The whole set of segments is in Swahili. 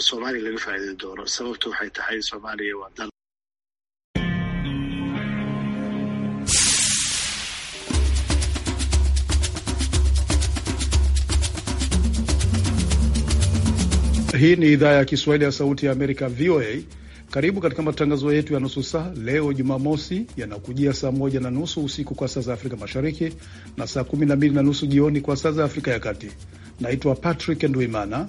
oo soomaaliya laga faa'iidi doono sababtu waxay tahay soomaaliya waa dal Hii ni idhaa ya Kiswahili ya Sauti ya Amerika, VOA. Karibu katika matangazo yetu ya nusu saa leo Jumamosi, yanakujia saa moja na nusu usiku kwa saa za Afrika Mashariki na saa kumi na mbili na nusu jioni kwa saa za Afrika ya Kati. Naitwa Patrick Ndwimana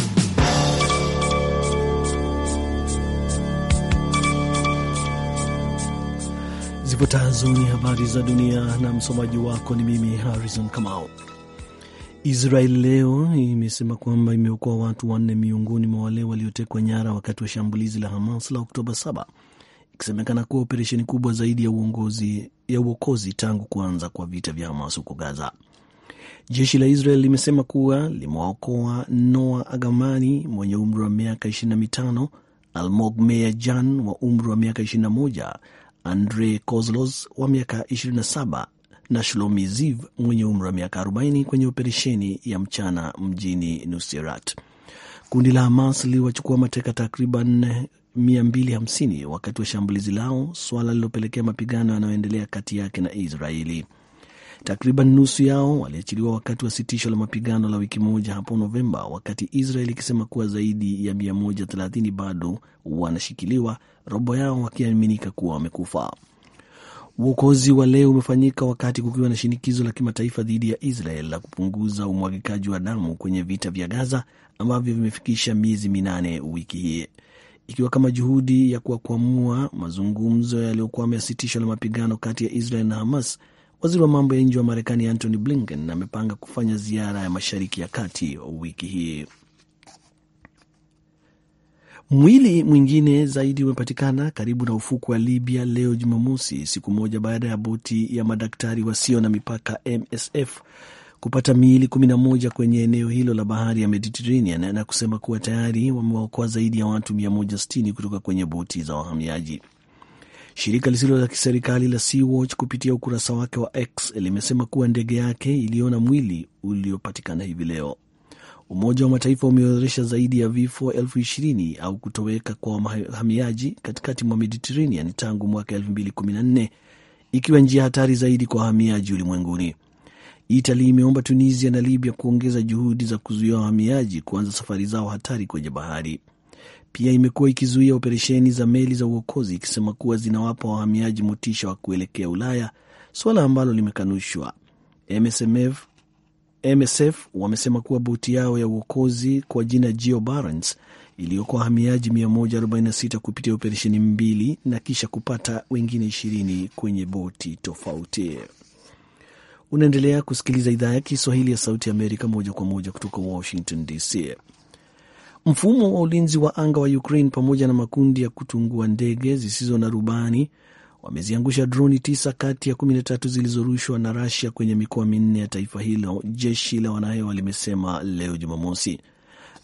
Zifuatazo ni habari za dunia na msomaji wako ni mimi Harrison Kamau. Israel leo imesema kwamba imeokoa watu wanne miongoni mwa wale waliotekwa nyara wakati wa shambulizi la Hamas la Oktoba 7 ikisemekana kuwa operesheni kubwa zaidi ya uongozi, ya uokozi tangu kuanza kwa vita vya Hamas huko Gaza. Jeshi la Israel limesema kuwa limewaokoa Noa Agamani mwenye umri wa miaka 25, Almog Meya Jan wa umri wa miaka 21 Andre Kozlos wa miaka 27 na Shlomi Ziv mwenye umri wa miaka 40 kwenye operesheni ya mchana mjini Nusirat. Kundi la Hamas liliwachukua mateka takriban 250 wakati wa shambulizi lao, swala lililopelekea mapigano yanayoendelea kati yake na Israeli. Takriban nusu yao waliachiliwa wakati wa sitisho la mapigano la wiki moja hapo Novemba, wakati Israel ikisema kuwa zaidi ya 130 bado wanashikiliwa, robo yao wakiaminika kuwa wamekufa. Uokozi wa leo umefanyika wakati kukiwa na shinikizo la kimataifa dhidi ya Israel la kupunguza umwagikaji wa damu kwenye vita vya Gaza ambavyo vimefikisha miezi minane wiki hii, ikiwa kama juhudi ya kuwakwamua mazungumzo yaliyokuwa yamesitishwa la mapigano kati ya Israel na Hamas Waziri wa mambo ya nje wa Marekani Antony Blinken amepanga kufanya ziara ya Mashariki ya Kati wiki hii. Mwili mwingine zaidi umepatikana karibu na ufuku wa Libya leo Jumamosi, siku moja baada ya boti ya madaktari wasio na mipaka MSF kupata miili kumi na moja kwenye eneo hilo la bahari ya Mediterranean na kusema kuwa tayari wamewaokoa zaidi ya watu 160 kutoka kwenye boti za wahamiaji. Shirika lisilo la kiserikali la Sea-Watch kupitia ukurasa wake wa X limesema kuwa ndege yake iliona mwili uliopatikana hivi leo. Umoja wa Mataifa umeorodhesha zaidi ya vifo elfu ishirini au kutoweka kwa wahamiaji katikati mwa Mediterranean tangu mwaka 2014 ikiwa njia hatari zaidi kwa wahamiaji ulimwenguni. itali imeomba Tunisia na Libya kuongeza juhudi za kuzuia wahamiaji kuanza safari zao hatari kwenye bahari. Pia imekuwa ikizuia operesheni za meli za uokozi ikisema kuwa zinawapa wahamiaji motisha wa kuelekea Ulaya, suala ambalo limekanushwa. MSMF, MSF wamesema kuwa boti yao ya uokozi kwa jina Geo Barents iliyokuwa wahamiaji 146 kupitia operesheni mbili na kisha kupata wengine ishirini kwenye boti tofauti. Unaendelea kusikiliza idhaa ya Kiswahili ya Sauti ya Amerika moja kwa moja kutoka Washington DC. Mfumo wa ulinzi wa anga wa Ukraine pamoja na makundi ya kutungua ndege zisizo na rubani wameziangusha droni tisa kati ya kumi na tatu zilizorushwa na rasia kwenye mikoa minne ya taifa hilo, jeshi la wanahewa limesema leo Jumamosi.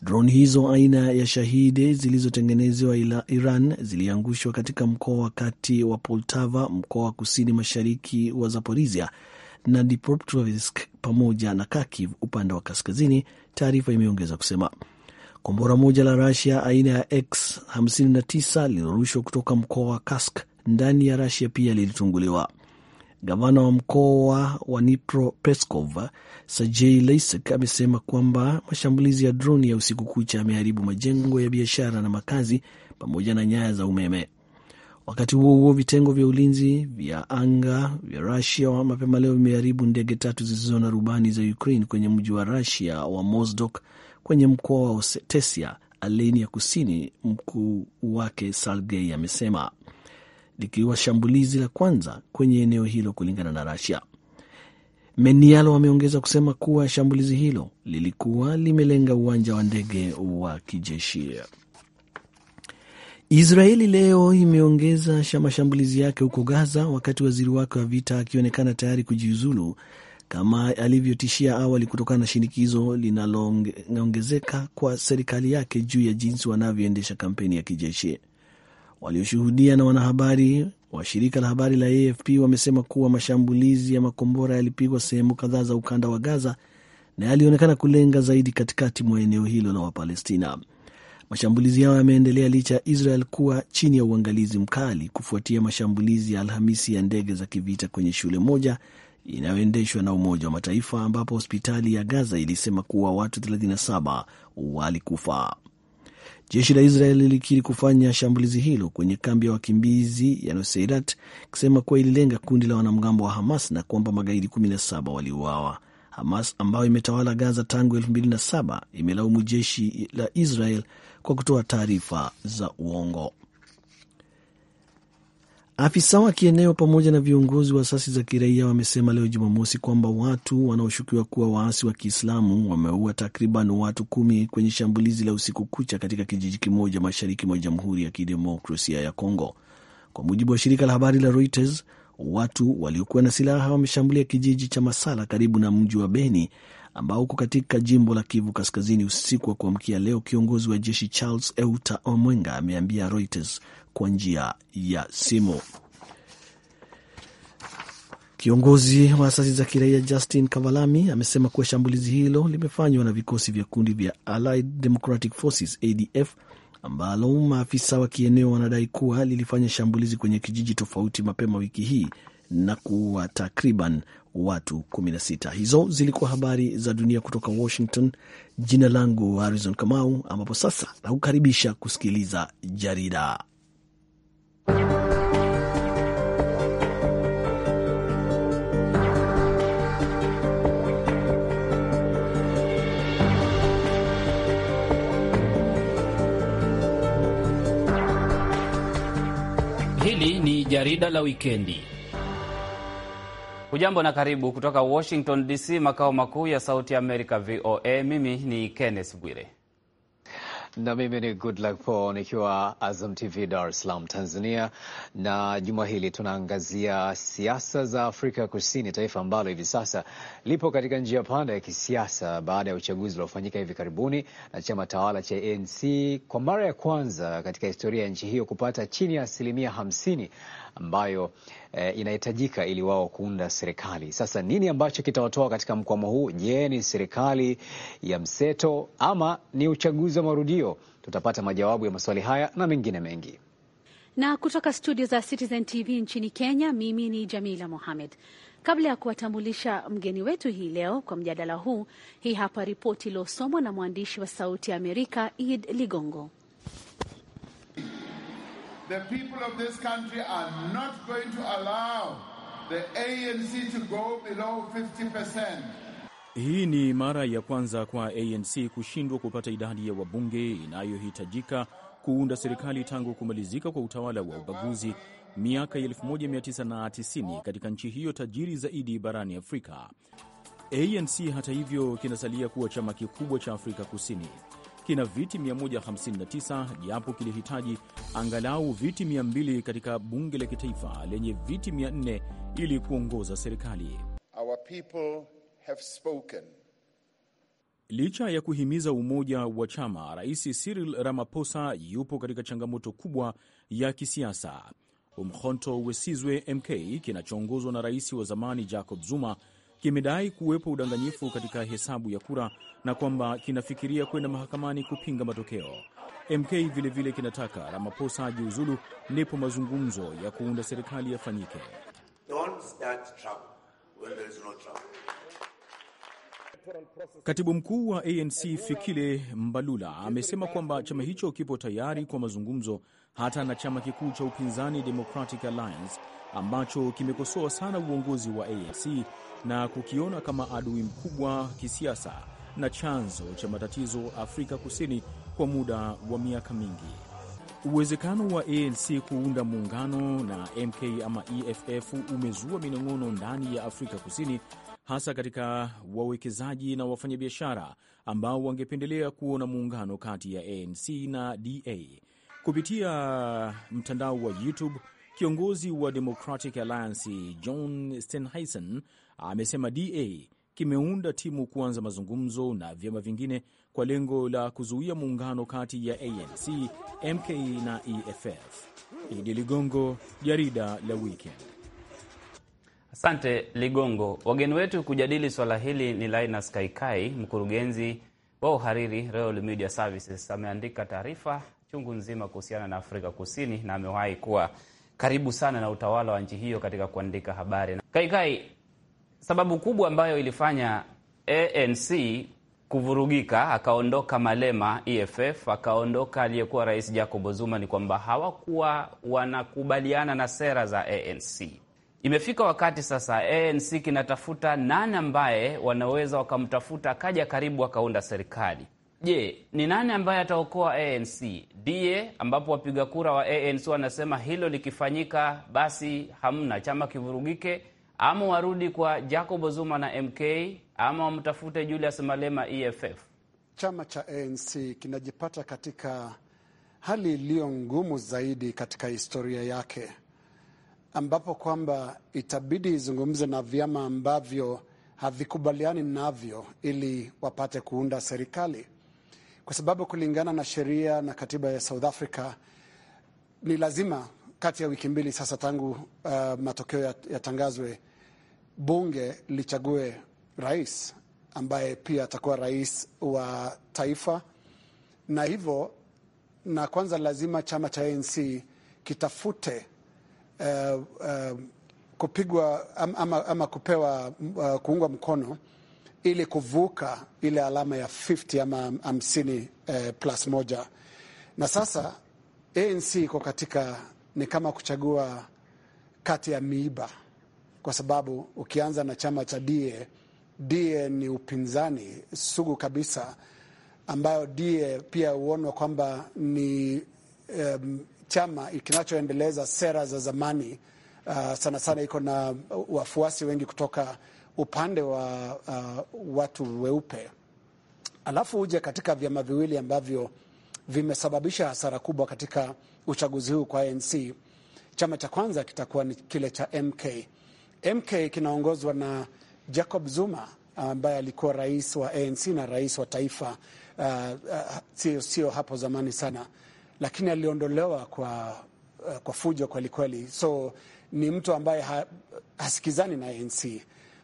Droni hizo aina ya Shahidi zilizotengenezewa Iran ziliangushwa katika mkoa wa kati wa Poltava, mkoa wa kusini mashariki wa zaporisia na Dnipropetrovsk pamoja na Kharkiv upande wa kaskazini, taarifa imeongeza kusema. Kombora moja la Rasia aina ya X-59 lililorushwa kutoka mkoa wa Kask ndani ya Rasia pia lilitunguliwa. Gavana wa mkoa wa Nipro Peskov Sergei Leisek amesema kwamba mashambulizi ya droni ya usiku kucha yameharibu majengo ya biashara na makazi pamoja na nyaya za umeme. Wakati huo huo, vitengo vya ulinzi vya anga vya Rusia mapema leo vimeharibu ndege tatu zisizo na rubani za Ukraine kwenye mji wa Rusia wa mosdok kwenye mkoa wa tesia aleni ya kusini. Mkuu wake salgei amesema likiwa shambulizi la kwanza kwenye eneo hilo kulingana na Rasia. Menialo ameongeza kusema kuwa shambulizi hilo lilikuwa limelenga uwanja wa ndege wa kijeshi. Israeli leo imeongeza mashambulizi yake huko Gaza, wakati waziri wake wa vita akionekana tayari kujiuzulu kama alivyotishia awali kutokana na shinikizo linaloongezeka kwa serikali yake juu ya jinsi wanavyoendesha kampeni ya kijeshi. Walioshuhudia na wanahabari wa shirika la habari la AFP wamesema kuwa mashambulizi ya makombora yalipigwa sehemu kadhaa za ukanda wa Gaza na yalionekana kulenga zaidi katikati mwa eneo hilo la Wapalestina. Mashambulizi yao yameendelea licha ya Israel kuwa chini ya uangalizi mkali kufuatia mashambulizi ya Alhamisi ya ndege za kivita kwenye shule moja inayoendeshwa na Umoja wa Mataifa, ambapo hospitali ya Gaza ilisema kuwa watu 37 walikufa. Jeshi la Israel lilikiri kufanya shambulizi hilo kwenye kambi ya wakimbizi ya noseirat ikisema kuwa ililenga kundi la wanamgambo wa Hamas na kwamba magaidi 17 waliuawa. Hamas ambayo imetawala Gaza tangu 2007 imelaumu jeshi la Israel kwa kutoa taarifa za uongo. Afisa wa kieneo pamoja na viongozi wa asasi za kiraia wamesema leo Jumamosi kwamba watu wanaoshukiwa kuwa waasi wa Kiislamu wameua takriban watu kumi kwenye shambulizi la usiku kucha katika kijiji kimoja mashariki mwa Jamhuri ya Kidemokrasia ya Kongo. Kwa mujibu wa shirika la habari la Reuters, watu waliokuwa na silaha wameshambulia kijiji cha Masala karibu na mji wa Beni ambao uko katika jimbo la Kivu Kaskazini. Usiku wa kuamkia leo, kiongozi wa jeshi Charles Euta Omwenga ameambia Reuters kwa njia ya simu. Kiongozi wa asasi za kiraia Justin Kavalami amesema kuwa shambulizi hilo limefanywa na vikosi vya kundi vya Allied Democratic Forces ADF ambalo maafisa wa kieneo wanadai kuwa lilifanya shambulizi kwenye kijiji tofauti mapema wiki hii na kuua takriban watu 16. Hizo zilikuwa habari za dunia kutoka Washington. Jina langu Harrison Kamau, ambapo sasa nakukaribisha kusikiliza jarida Hili ni jarida la wikendi Hujambo na karibu kutoka Washington DC, makao makuu ya Sauti ya Amerika, VOA. Mimi ni Kenneth Bwire na mimi ni Good Luck Po nikiwa Azam TV Dar es Salaam, Tanzania. Na juma hili tunaangazia siasa za Afrika Kusini, taifa ambalo hivi sasa lipo katika njia panda ya kisiasa baada ya uchaguzi uliofanyika hivi karibuni na chama tawala cha ANC kwa mara ya kwanza katika historia ya nchi hiyo kupata chini ya asilimia hamsini ambayo e, inahitajika ili wao kuunda serikali. Sasa nini ambacho kitawatoa katika mkwamo huu? Je, ni serikali ya mseto ama ni uchaguzi wa marudio? Tutapata majawabu ya maswali haya na mengine mengi. Na kutoka studio za Citizen TV nchini Kenya, mimi ni Jamila Mohamed. Kabla ya kuwatambulisha mgeni wetu hii leo kwa mjadala huu, hii hapa ripoti iliyosomwa na mwandishi wa Sauti ya Amerika Id Ligongo the people of this country are not going to allow the ANC to go below 50%. Hii ni mara ya kwanza kwa ANC kushindwa kupata idadi ya wabunge inayohitajika kuunda serikali tangu kumalizika kwa utawala wa ubaguzi miaka 1990 katika nchi hiyo tajiri zaidi barani Afrika. ANC hata hivyo, kinasalia kuwa chama kikubwa cha Afrika Kusini kina viti 159 japo kilihitaji angalau viti 200 katika bunge la kitaifa lenye viti 400 ili kuongoza serikali. Our people have spoken. Licha ya kuhimiza umoja wa chama, Rais Cyril Ramaphosa yupo katika changamoto kubwa ya kisiasa. Umkhonto Wesizwe MK kinachoongozwa na rais wa zamani Jacob Zuma kimedai kuwepo udanganyifu katika hesabu ya kura na kwamba kinafikiria kwenda mahakamani kupinga matokeo. MK vilevile vile kinataka Ramaphosa ajiuzulu, ndipo mazungumzo ya kuunda serikali yafanyike. Katibu mkuu wa ANC Fikile Mbalula amesema kwamba chama hicho kipo tayari kwa mazungumzo hata na chama kikuu cha upinzani Democratic Alliance ambacho kimekosoa sana uongozi wa ANC na kukiona kama adui mkubwa kisiasa na chanzo cha matatizo Afrika Kusini kwa muda wa miaka mingi. Uwezekano wa ANC kuunda muungano na MK ama EFF umezua minong'ono ndani ya Afrika Kusini, hasa katika wawekezaji na wafanyabiashara ambao wangependelea kuona muungano kati ya ANC na DA. Kupitia mtandao wa YouTube, kiongozi wa Democratic Alliance John Steenhuisen amesema DA kimeunda timu kuanza mazungumzo na vyama vingine kwa lengo la kuzuia muungano kati ya ANC, MK na EFF. Idi Ligongo, jarida la Weekend. Asante Ligongo. Wageni wetu kujadili swala hili ni Linus Kaikai, mkurugenzi wa uhariri Royal Media Services. Ameandika taarifa chungu nzima kuhusiana na Afrika Kusini na amewahi kuwa karibu sana na utawala wa nchi hiyo katika kuandika habari. Kaikai, sababu kubwa ambayo ilifanya ANC kuvurugika, akaondoka Malema EFF, akaondoka aliyekuwa rais Jacob Zuma, ni kwamba hawakuwa wanakubaliana na sera za ANC. Imefika wakati sasa ANC kinatafuta nani ambaye wanaweza wakamtafuta akaja karibu akaunda serikali. Je, ni nani ambaye ataokoa ANC? Ndiye ambapo wapiga kura wa ANC wanasema hilo likifanyika, basi hamna chama kivurugike ama warudi kwa Jacob Zuma na MK ama wamtafute Julius Malema EFF. Chama cha ANC kinajipata katika hali iliyo ngumu zaidi katika historia yake, ambapo kwamba itabidi izungumze na vyama ambavyo havikubaliani navyo ili wapate kuunda serikali, kwa sababu kulingana na sheria na katiba ya South Africa ni lazima kati ya wiki mbili sasa tangu uh, matokeo yatangazwe, bunge lichague rais ambaye pia atakuwa rais wa taifa, na hivyo na kwanza lazima chama cha ANC kitafute uh, uh, kupigwa ama, ama kupewa uh, kuungwa mkono ili kuvuka ile alama ya 50 ama 50 uh, plus moja, na sasa ANC iko katika ni kama kuchagua kati ya miiba, kwa sababu ukianza na chama cha DA, DA ni upinzani sugu kabisa, ambayo DA pia huonwa kwamba ni um, chama kinachoendeleza sera za zamani. Uh, sana sana iko na wafuasi wengi kutoka upande wa uh, watu weupe, alafu uje katika vyama viwili ambavyo vimesababisha hasara kubwa katika uchaguzi huu kwa ANC. Chama cha kwanza kitakuwa ni kile cha MK. MK kinaongozwa na Jacob Zuma ambaye alikuwa rais wa ANC na rais wa taifa sio uh, uh, sio hapo zamani sana, lakini aliondolewa kwa, uh, kwa fujo kwelikweli. So ni mtu ambaye ha, hasikizani na ANC.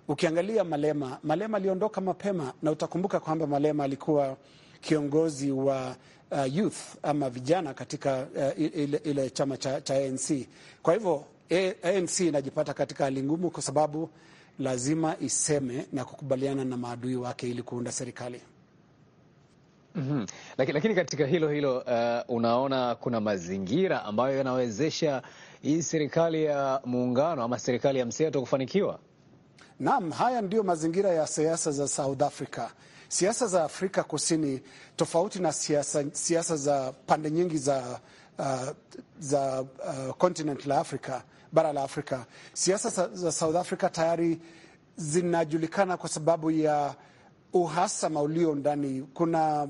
Ukiangalia Malema, Malema aliondoka mapema, na utakumbuka kwamba Malema alikuwa kiongozi wa uh, youth ama vijana katika uh, ile, ile chama cha, cha ANC. Kwa hivyo ANC inajipata katika hali ngumu kwa sababu lazima iseme na kukubaliana na maadui wake ili kuunda serikali. Mm -hmm. Lakini, lakini katika hilo hilo uh, unaona kuna mazingira ambayo yanawezesha hii serikali ya muungano ama serikali ya mseto kufanikiwa. Naam, haya ndiyo mazingira ya siasa za South Africa. Siasa za Afrika Kusini tofauti na siasa, siasa za pande nyingi za uh, za uh, continent la Afrika, bara la Afrika. Siasa za South Africa tayari zinajulikana kwa sababu ya uhasama ulio ndani. Kuna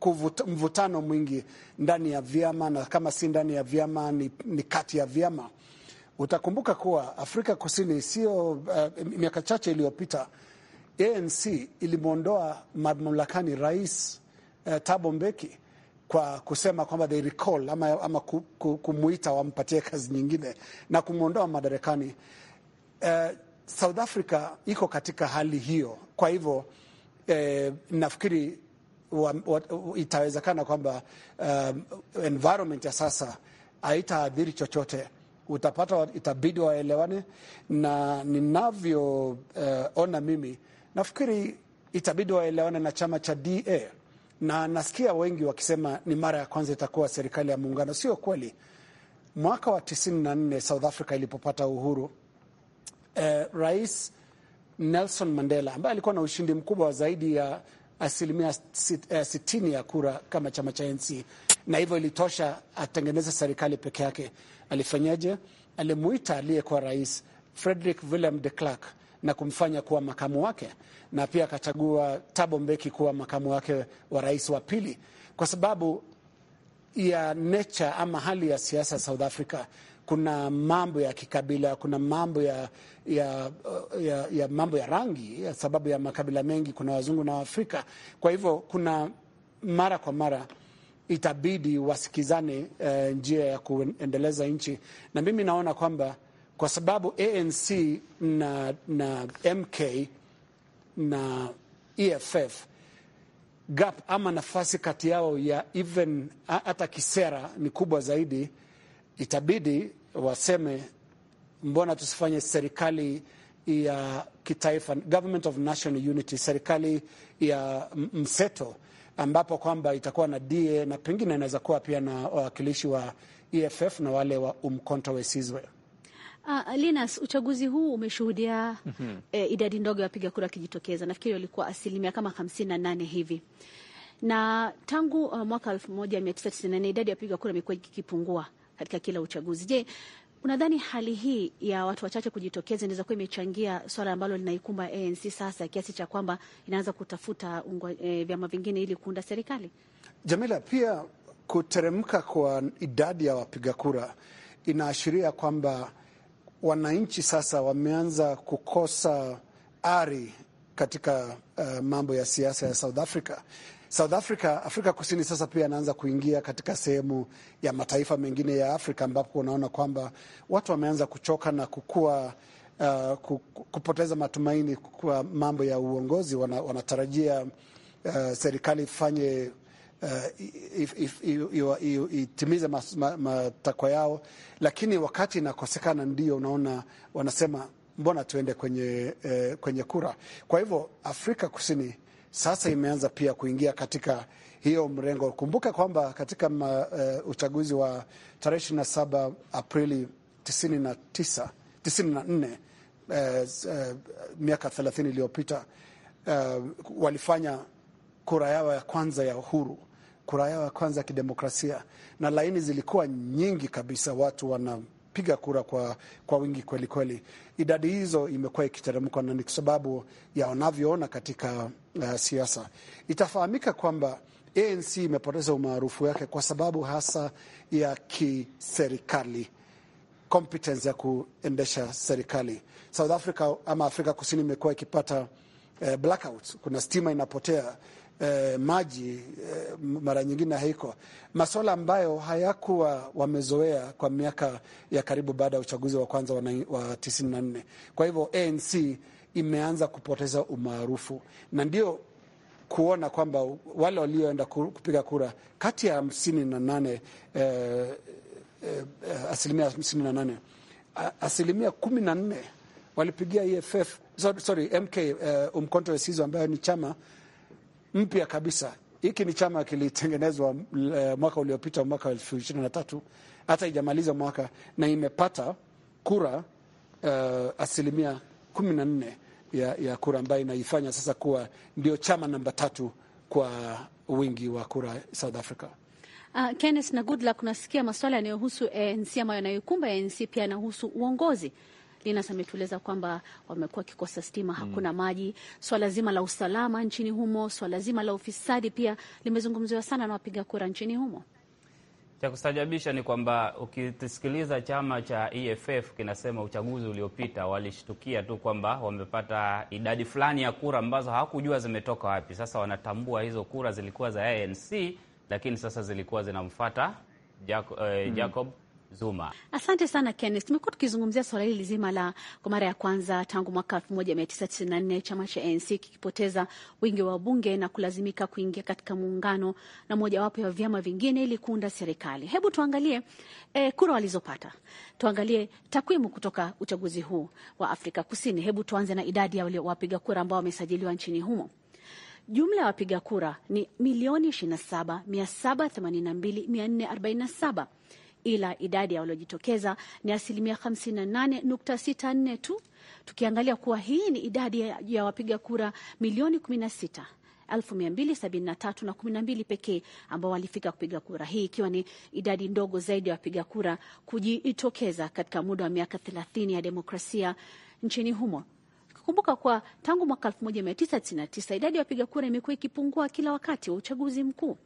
kuvuta, mvutano mwingi ndani ya vyama, na kama si ndani ya vyama ni, ni kati ya vyama. Utakumbuka kuwa Afrika Kusini sio uh, miaka chache iliyopita ANC ilimwondoa mamlakani rais uh, Thabo Mbeki kwa kusema kwamba they recall ama, ama kumuita wampatie kazi nyingine na kumwondoa madarakani. Uh, South Africa iko katika hali hiyo, kwa hivyo eh, nafikiri itawezekana kwamba um, environment ya sasa haitaadhiri chochote. Utapata itabidi waelewane, na ninavyoona uh, mimi nafikiri itabidi waelewane na chama cha DA, na nasikia wengi wakisema ni mara ya kwanza itakuwa serikali ya muungano. Sio kweli. Mwaka wa 94 South Africa ilipopata uhuru eh, Rais Nelson Mandela ambaye alikuwa na ushindi mkubwa wa zaidi ya asilimia eh, sitini ya kura kama chama cha nc na hivyo ilitosha atengeneze serikali peke yake. Alifanyaje? Alimuita aliyekuwa rais Frederick william de Klerk na kumfanya kuwa makamu wake, na pia akachagua Thabo Mbeki kuwa makamu wake wa rais wa pili, kwa sababu ya nature ama hali ya siasa South Africa. Kuna mambo ya kikabila, kuna mambo ya, ya, ya, ya mambo ya rangi ya sababu ya makabila mengi, kuna wazungu na Waafrika. Kwa hivyo kuna mara kwa mara itabidi wasikizane eh, njia ya kuendeleza nchi, na mimi naona kwamba kwa sababu ANC na, na MK na EFF gap ama nafasi kati yao ya even hata kisera ni kubwa zaidi. Itabidi waseme mbona tusifanye serikali ya kitaifa, government of national unity, serikali ya mseto, ambapo kwamba itakuwa na DA na pengine inaweza kuwa pia na wawakilishi wa EFF na wale wa Umkhonto we Sizwe. Uh, ah, ah, Linas, uchaguzi huu umeshuhudia mm -hmm. e, idadi ndogo ya wapiga kura wakijitokeza. Nafikiri walikuwa asilimia kama nane hivi, na tangu uh, mwaka 1994 idadi ya wapiga kura imekuwa ikipungua katika kila uchaguzi. Je, unadhani hali hii ya watu wachache kujitokeza inaweza kuwa imechangia swala ambalo linaikumba ANC sasa kiasi cha kwamba inaanza kutafuta ungo, e, vyama vingine ili kuunda serikali? Jamila, pia kuteremka kwa idadi ya wapiga kura inaashiria kwamba wananchi sasa wameanza kukosa ari katika uh, mambo ya siasa ya South Africa. South Africa, Afrika Kusini sasa pia anaanza kuingia katika sehemu ya mataifa mengine ya Afrika ambapo unaona kwamba watu wameanza kuchoka na kukua uh, kupoteza matumaini kwa mambo ya uongozi. Wanatarajia wana uh, eh, serikali ifanye itimize matakwa ma, yao, lakini wakati inakosekana ndio unaona wanasema mbona tuende kwenye, eh, kwenye kura. Kwa hivyo Afrika Kusini sasa imeanza pia kuingia katika hiyo mrengo. Kumbuka kwamba katika ma, uh, uchaguzi wa tarehe 27 Aprili na 94 uh, uh, miaka thelathini iliyopita uh, walifanya kura yao ya kwanza ya uhuru kura yao ya kwanza ya kidemokrasia, na laini zilikuwa nyingi kabisa, watu wana piga kura kwa, kwa wingi kweli kweli. Idadi hizo imekuwa ikiteremka na ni kwa sababu ya wanavyoona katika uh, siasa. Itafahamika kwamba ANC imepoteza umaarufu wake kwa sababu hasa ya kiserikali, competence ya kuendesha serikali. South Africa ama Afrika Kusini imekuwa ikipata uh, blackouts, kuna stima inapotea eh, maji eh, mara nyingine haiko masuala ambayo hayakuwa wamezoea kwa miaka ya karibu baada ya uchaguzi wa kwanza wa 94. Kwa hivyo ANC imeanza kupoteza umaarufu na ndio kuona kwamba wale walioenda kupiga kura kati ya hamsini na nane eh, eh, asilimia hamsini na nane asilimia kumi na nne walipigia EFF sorry, MK eh, Umkhonto we Sizwe ambayo ni chama mpya kabisa. Hiki ni chama kilitengenezwa eh, mwaka uliopita, mwaka elfu ishirini na tatu, hata ijamaliza mwaka na imepata kura uh, asilimia kumi na nne ya, ya kura ambayo inaifanya sasa kuwa ndio chama namba tatu kwa wingi wa kura South Africa. Uh, Kenneth na Goodluck, unasikia masuala yanayohusu ANC ambayo yanayokumba ANC pia yanahusu uongozi Dinas ametueleza kwamba wamekuwa kikosa stima, hmm. hakuna maji, swala zima la usalama nchini humo, swala zima la ufisadi pia limezungumziwa sana na wapiga kura nchini humo. Cha kustajabisha ni kwamba ukisikiliza chama cha EFF kinasema uchaguzi uliopita walishtukia tu kwamba wamepata idadi fulani ya kura ambazo hawakujua zimetoka wapi. Sasa wanatambua hizo kura zilikuwa za ANC, lakini sasa zilikuwa zinamfuata eh, hmm. Jacob, eh, Jacob mm. Zuma. Asante sana Kenneth. Tumekuwa tukizungumzia swala hili zima la kwa mara ya kwanza tangu mwaka 1994 chama cha ANC kikipoteza wingi wa bunge na kulazimika kuingia katika muungano na mojawapo ya vyama vingine ili kuunda serikali. Hebu tuangalie e, kura walizopata, tuangalie takwimu kutoka uchaguzi huu wa Afrika Kusini. Hebu tuanze na idadi ya wapiga kura ambao wamesajiliwa nchini humo. Jumla ya wapiga kura ni milioni 27,782,447 ila idadi ya waliojitokeza ni asilimia 58.64 tu, tukiangalia kuwa hii ni idadi ya, wapiga kura milioni 16 1273 na 12 pekee ambao walifika kupiga kura, hii ikiwa ni idadi ndogo zaidi ya wapiga kura kujitokeza katika muda wa miaka 30 ya demokrasia nchini humo. Kumbuka kwa tangu mwaka 1999 idadi ya wapiga kura imekuwa ikipungua kila wakati wa uchaguzi mkuu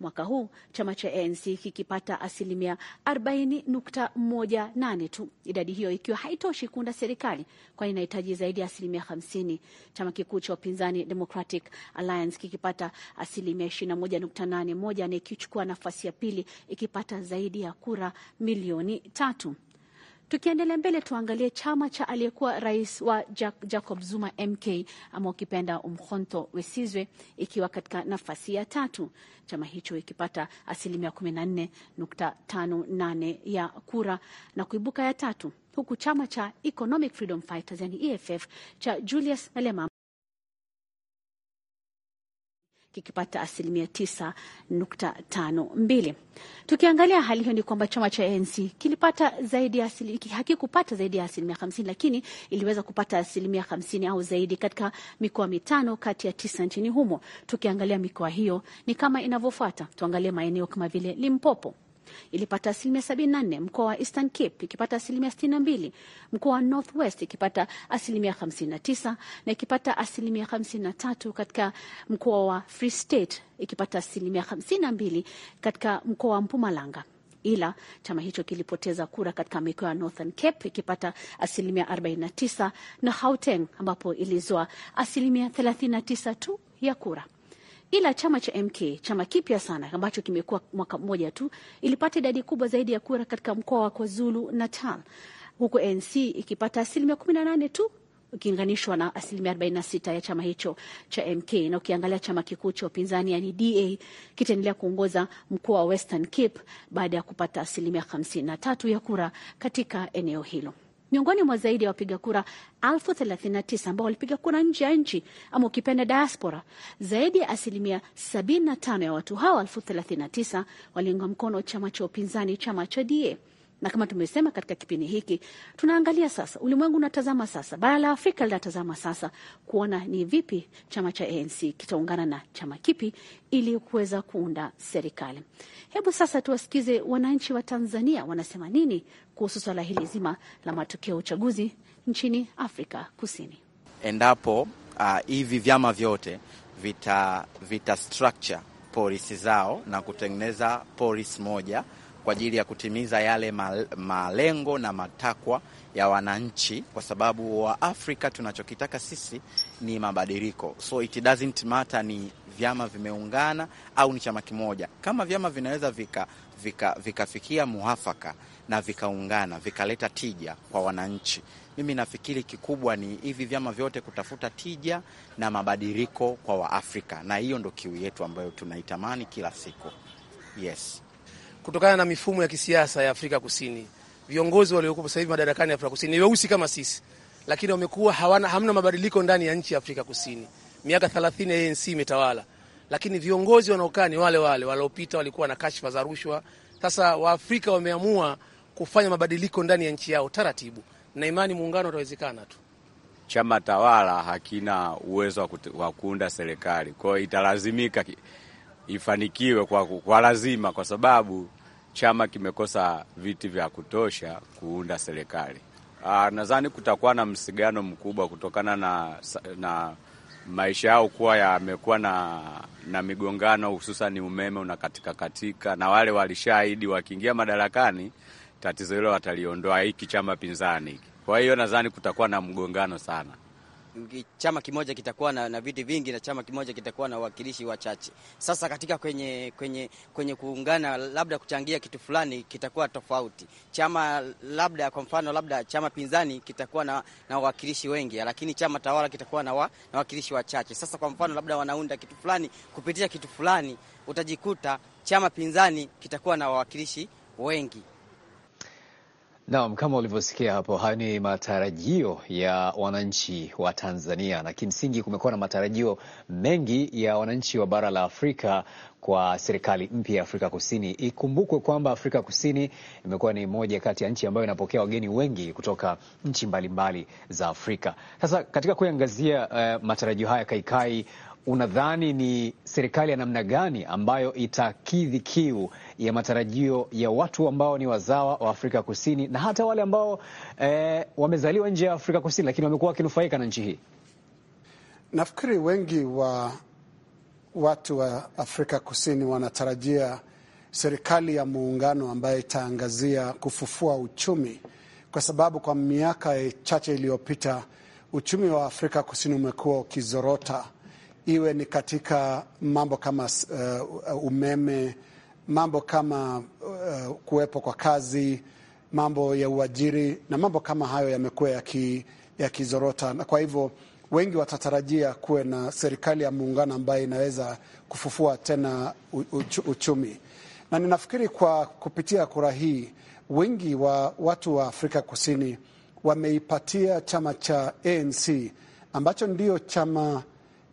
mwaka huu chama cha ANC kikipata asilimia 40.18 tu, idadi hiyo ikiwa haitoshi kuunda serikali, kwani inahitaji zaidi ya asilimia 50. Chama kikuu cha upinzani Democratic Alliance kikipata asilimia 21.81 na ikichukua nafasi ya pili ikipata zaidi ya kura milioni tatu. Tukiendelea mbele, tuangalie chama cha aliyekuwa rais wa Jacob Zuma MK ama ukipenda Umkhonto Wesizwe ikiwa katika nafasi ya tatu, chama hicho ikipata asilimia 14.58 ya kura na kuibuka ya tatu, huku chama cha Economic Freedom Fighters yani EFF cha Julius Malema kikipata asilimia 9.52. Tukiangalia hali hiyo, ni kwamba chama cha ANC kilipata zaidi ya hakikupata zaidi ya asilimia hamsini lakini iliweza kupata asilimia hamsini au zaidi katika mikoa mitano kati ya tisa nchini humo. Tukiangalia mikoa hiyo ni kama inavyofuata, tuangalie maeneo kama vile Limpopo ilipata asilimia 74, mkoa wa Eastern Cape ikipata asilimia 62, mkoa wa North West ikipata asilimia 59 na ikipata asilimia 53 katika mkoa wa Free State ikipata asilimia 52 katika mkoa wa Mpumalanga ila chama hicho kilipoteza kura katika mikoa ya Northern Cape ikipata asilimia 49 na Gauteng ambapo ilizoa asilimia 39 tu ya kura. Ila chama cha MK, chama kipya sana ambacho kimekuwa mwaka mmoja tu, ilipata idadi kubwa zaidi ya kura katika mkoa wa KwaZulu Natal, huku ANC ikipata asilimia 18 tu ukilinganishwa na asilimia 46 ya chama hicho cha MK. Na ukiangalia chama kikuu cha upinzani yani DA kitaendelea kuongoza mkoa wa Western Cape baada ya kupata asilimia 53 ya kura katika eneo hilo miongoni mwa zaidi ya wapiga kura elfu 39 ambao walipiga kura nje ya nchi ama ukipenda diaspora. Zaidi ya asilimia 75 ya watu hao elfu 39 waliunga mkono chama cha upinzani, chama cha DA na kama tumesema katika kipindi hiki, tunaangalia sasa, ulimwengu unatazama sasa, bara la Afrika linatazama sasa kuona ni vipi chama cha ANC kitaungana na chama kipi ili kuweza kuunda serikali. Hebu sasa tuwasikize wananchi wa Tanzania wanasema nini kuhusu swala hili zima la matokeo ya uchaguzi nchini Afrika Kusini. Endapo ah, hivi uh, vyama vyote vita, vita structure polisi zao na kutengeneza polisi moja kwa ajili ya kutimiza yale malengo na matakwa ya wananchi, kwa sababu wa Afrika tunachokitaka sisi ni mabadiliko. So it doesn't matter ni vyama vimeungana au ni chama kimoja. Kama vyama vinaweza vikafikia vika, vika muafaka na vikaungana vikaleta tija kwa wananchi, mimi nafikiri kikubwa ni hivi vyama vyote kutafuta tija na mabadiliko kwa Waafrika, na hiyo ndo kiu yetu ambayo tunaitamani kila siku. Yes kutokana na mifumo ya kisiasa ya Afrika Kusini. Viongozi waliokuwa sasa hivi madarakani ya Afrika Kusini ni weusi kama sisi, lakini wamekuwa hawana hamna mabadiliko ndani ya nchi ya Afrika Kusini. Miaka 30 ANC imetawala, lakini viongozi wanaokaa ni wale wale waliopita, walikuwa na kashfa za rushwa. Sasa Waafrika wameamua kufanya mabadiliko ndani ya nchi yao taratibu, na imani muungano utawezekana tu. Chama tawala hakina uwezo wa kuunda serikali, kwa hiyo italazimika ifanikiwe kwa, kwa lazima, kwa sababu chama kimekosa viti vya kutosha kuunda serikali. Ah, nadhani kutakuwa na msigano mkubwa kutokana na, na maisha yao kuwa yamekuwa na, na migongano, hususan umeme unakatika katika, na wale walishahidi wakiingia madarakani tatizo hilo wataliondoa hiki chama pinzani Kwa hiyo nadhani kutakuwa na mgongano sana chama kimoja kitakuwa na, na viti vingi na chama kimoja kitakuwa na wawakilishi wachache. Sasa katika kwenye, kwenye, kwenye kuungana labda kuchangia kitu fulani kitakuwa tofauti. Chama labda kwa mfano labda chama pinzani kitakuwa na wawakilishi wengi, lakini chama tawala kitakuwa na wawakilishi wachache. Sasa kwa mfano labda wanaunda kitu fulani kupitia kitu fulani, utajikuta chama pinzani kitakuwa na wawakilishi wengi Naam, kama ulivyosikia hapo, hayo ni matarajio ya wananchi wa Tanzania, na kimsingi kumekuwa na matarajio mengi ya wananchi wa bara la Afrika kwa serikali mpya ya Afrika Kusini. Ikumbukwe kwamba Afrika Kusini imekuwa ni moja kati ya nchi ambayo inapokea wageni wengi kutoka nchi mbalimbali mbali za Afrika. Sasa katika kuangazia uh, eh, matarajio haya Kaikai, unadhani ni serikali ya namna gani ambayo itakidhi kiu ya matarajio ya watu ambao ni wazawa wa Afrika Kusini na hata wale ambao uh, wamezaliwa nje ya Afrika Kusini lakini wamekuwa wakinufaika na nchi hii? Nafikiri wengi wa watu wa Afrika Kusini wanatarajia serikali ya muungano ambayo itaangazia kufufua uchumi, kwa sababu kwa miaka chache iliyopita uchumi wa Afrika Kusini umekuwa ukizorota, iwe ni katika mambo kama uh, umeme, mambo kama uh, kuwepo kwa kazi, mambo ya uajiri na mambo kama hayo yamekuwa yakizorota, ya na kwa hivyo wengi watatarajia kuwe na serikali ya muungano ambayo inaweza kufufua tena uchumi na ninafikiri kwa kupitia kura hii wengi wa watu wa Afrika Kusini wameipatia chama cha ANC ambacho ndiyo chama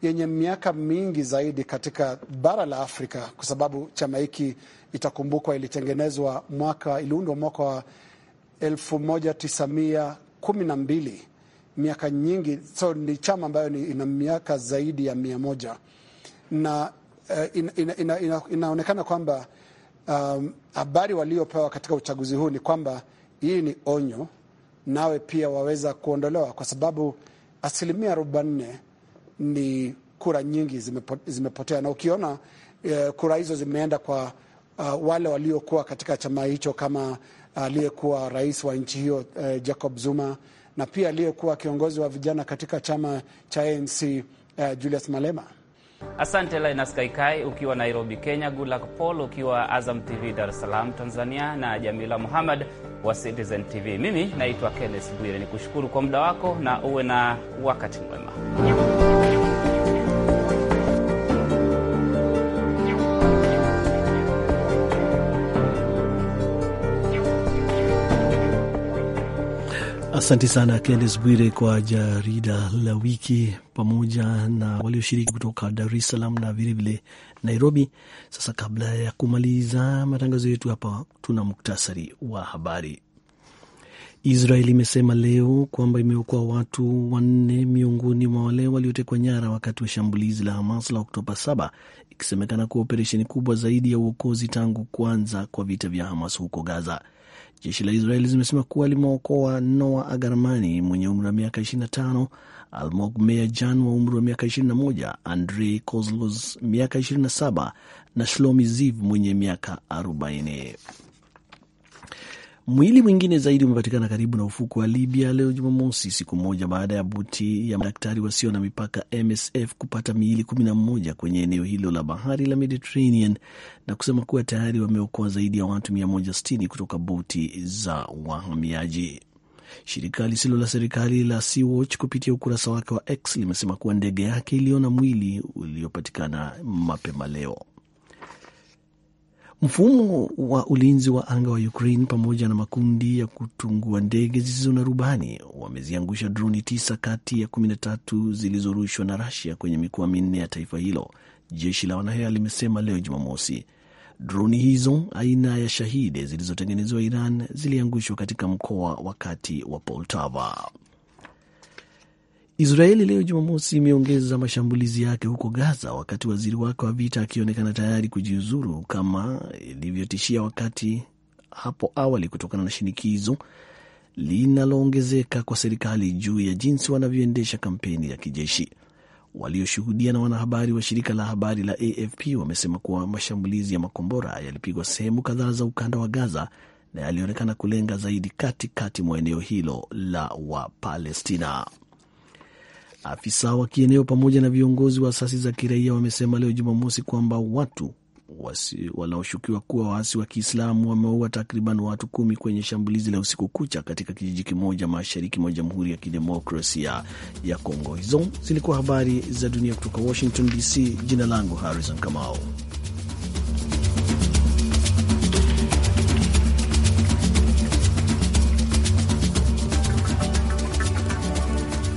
yenye miaka mingi zaidi katika bara la Afrika, kwa sababu chama hiki itakumbukwa, ilitengenezwa mwaka, iliundwa mwaka wa 1912 miaka nyingi, so ni chama ambayo ina miaka zaidi ya mia moja na uh, ina, ina, ina, ina, inaonekana kwamba um, habari um, waliopewa katika uchaguzi huu ni kwamba hii ni onyo, nawe pia waweza kuondolewa, kwa sababu asilimia arobaini ni kura nyingi zimepotea, na ukiona uh, kura hizo zimeenda kwa uh, wale waliokuwa katika chama hicho kama uh, aliyekuwa rais wa nchi hiyo uh, Jacob Zuma na pia aliyekuwa kiongozi wa vijana katika chama cha ANC uh, Julius Malema. Asante Linus Kaikai ukiwa Nairobi, Kenya, Gulak Paul ukiwa Azam TV Dar es Salaam, Tanzania, na Jamila Muhammad wa Citizen TV. Mimi naitwa Kenneth Bwire, ni kushukuru kwa muda wako na uwe na wakati mwema. Asante sana Kennes Bwire kwa jarida la wiki pamoja na walioshiriki kutoka Dar es Salaam na vilevile Nairobi. Sasa kabla ya kumaliza matangazo yetu hapa, tuna muktasari wa habari. Israel imesema leo kwamba imeokoa watu wanne miongoni mwa wale waliotekwa nyara wakati wa shambulizi la Hamas la Oktoba 7 ikisemekana kuwa operesheni kubwa zaidi ya uokozi tangu kuanza kwa vita vya Hamas huko Gaza. Jeshi la Israeli zimesema kuwa limeokoa Noa Agarmani mwenye umri wa miaka 25, Almog mea jan wa umri wa miaka 21, Andrei Kozlos miaka 27 na Shlomi Ziv mwenye miaka 40. Mwili mwingine zaidi umepatikana karibu na ufuko wa Libya leo Jumamosi, siku moja baada ya boti ya madaktari wasio na mipaka MSF kupata miili kumi na mmoja kwenye eneo hilo la bahari la Mediterranean na kusema kuwa tayari wameokoa zaidi ya watu 160 kutoka boti za wahamiaji. Shirika lisilo la serikali la Sea-Watch kupitia ukurasa wake wa X limesema kuwa ndege yake iliona mwili uliopatikana mapema leo. Mfumo wa ulinzi wa anga wa Ukraine pamoja na makundi ya kutungua ndege zisizo na rubani wameziangusha droni tisa kati ya kumi na tatu zilizorushwa na rasia kwenye mikoa minne ya taifa hilo, jeshi la wanahewa limesema leo Jumamosi. Droni hizo aina ya Shahidi zilizotengenezwa Iran ziliangushwa katika mkoa wa kati wa Poltava. Israeli leo Jumamosi imeongeza mashambulizi yake huko Gaza, wakati waziri wake wa vita akionekana tayari kujiuzuru kama ilivyotishia wakati hapo awali, kutokana na shinikizo linaloongezeka kwa serikali juu ya jinsi wanavyoendesha kampeni ya kijeshi. Walioshuhudia na wanahabari wa shirika la habari la AFP wamesema kuwa mashambulizi ya makombora yalipigwa sehemu kadhaa za ukanda wa Gaza na yalionekana kulenga zaidi katikati mwa eneo hilo la Wapalestina. Afisa wa kieneo pamoja na viongozi wa asasi za kiraia wamesema leo Jumamosi kwamba watu wanaoshukiwa kuwa waasi wa Kiislamu wameua takriban watu kumi kwenye shambulizi la usiku kucha katika kijiji kimoja mashariki mwa Jamhuri ya Kidemokrasia ya Kongo. Hizo zilikuwa habari za dunia kutoka Washington DC. Jina langu Harrison Kamau.